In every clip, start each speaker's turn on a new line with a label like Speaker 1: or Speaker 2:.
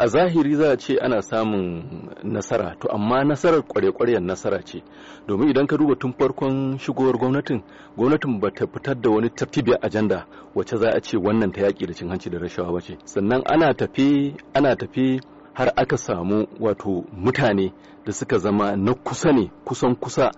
Speaker 1: a zahiri za a ce ana samun nasara to amma nasarar kware-kwaryen nasara ce domin idan ka duba tun farkon shigowar gwamnatin gwamnatin ba ta fitar da wani tartibiyar ajanda wacce za a ce wannan ta yaƙi da cin hanci da rashawa ba ce sannan ana tafi tafi har aka samu wato mutane da suka zama na kusa ne kusan kusa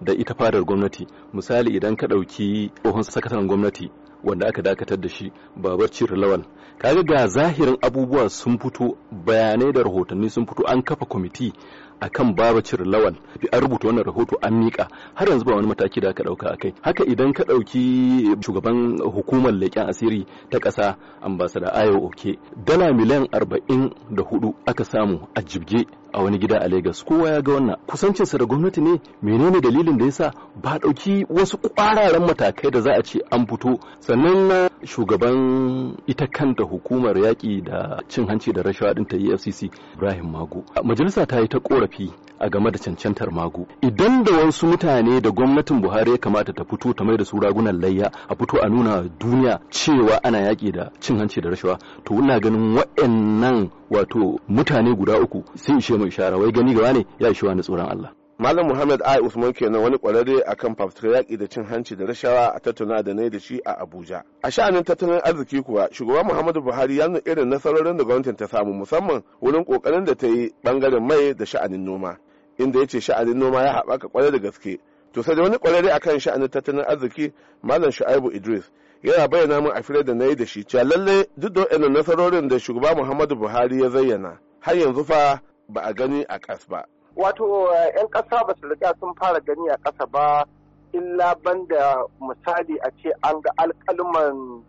Speaker 1: da ita fadar gwamnati misali idan ka ɗauki tsohon sakataren gwamnati wanda aka dakatar da shi babar cire lawal kaga ga zahirin abubuwa sun fito bayanai da rahotanni sun fito an kafa kwamiti a kan babar cire lawal an rubuta wannan rahoto an miƙa har yanzu ba wani mataki da aka ɗauka a kai haka idan ka ɗauki shugaban hukumar leƙen asiri ta ƙasa ambasada ayo oke dala miliyan arba'in da hudu aka samu a jibge a wani gida a Legas kowa ya ga wannan kusancin sa da gwamnati ne menene dalilin da ya sa ba dauki wasu kwararan matakai da za a ce an fito sannan na shugaban ita kanta hukumar yaƙi da cin hanci da rashawa ɗin ta EFCC Ibrahim Magu. majalisa ta yi ta korafi a game da cancantar Magu. idan da wasu mutane da gwamnatin buhari ya kamata ta fito ta mai da su ragunan layya a fito a nuna duniya cewa ana yaƙi da cin hanci da rashawa to ina ganin waɗannan wato mutane guda uku sun ishe mu ishara wai gani gaba ne ya ishe wani tsoron Allah
Speaker 2: Malam Muhammad Ayi Usman kenan wani kwararre akan fafutukar yaƙi da cin hanci da rashawa a tattauna da na da shi a Abuja. A sha'anin tattalin arziki kuwa shugaban Muhammadu Buhari ya nuna irin nasarorin da gwamnatin ta samu musamman wurin ƙoƙarin da ta yi ɓangaren mai da sha'anin noma. Inda ya ce sha'anin noma ya haɓaka kwarai da gaske. To sai da wani kwararre akan sha'anin tattalin arziki Malam Shu'aibu Idris yana bayyana min a fira da na yi da shi cewa lalle duk da waɗannan nasarorin da shugaba muhammadu buhari ya zayyana har yanzu fa ba a gani a ƙas ba
Speaker 3: wato eh, 'yan ƙasa ba su riga sun fara gani a ƙasa ba illa banda misali a ce an ga alƙalman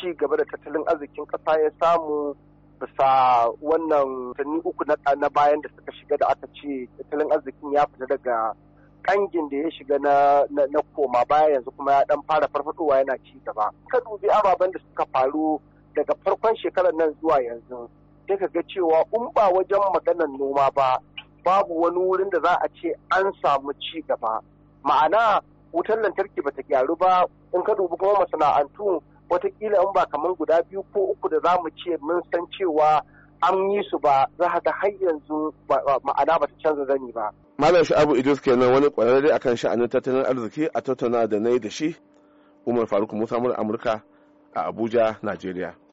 Speaker 3: ci gaba da tattalin arzikin ƙasa ya samu bisa wannan tanni uku na bayan da suka shiga da aka ce tattalin arzikin ya fita daga kangin da ya shiga na, na, koma baya yanzu kuma ya dan fara farfadowa yana ci gaba ka dubi ababen da suka faru daga farkon shekarar nan zuwa yanzu sai ka ga cewa in ba wajen maganar noma ba babu wani wurin da za a ce an samu ci gaba ma'ana wutar lantarki bata gyaru ba in ka dubi kuma masana'antu watakila in ba kamar guda biyu ko uku da za mu ce mun san cewa an yi su ba za ga har yanzu ma'ana bata canza zani ba
Speaker 2: malam sha'abu idris kenan wani kwararre akan sha'anin tattalin arziki a tattauna da na yi da shi umar faruk musa amurka a abuja najeriya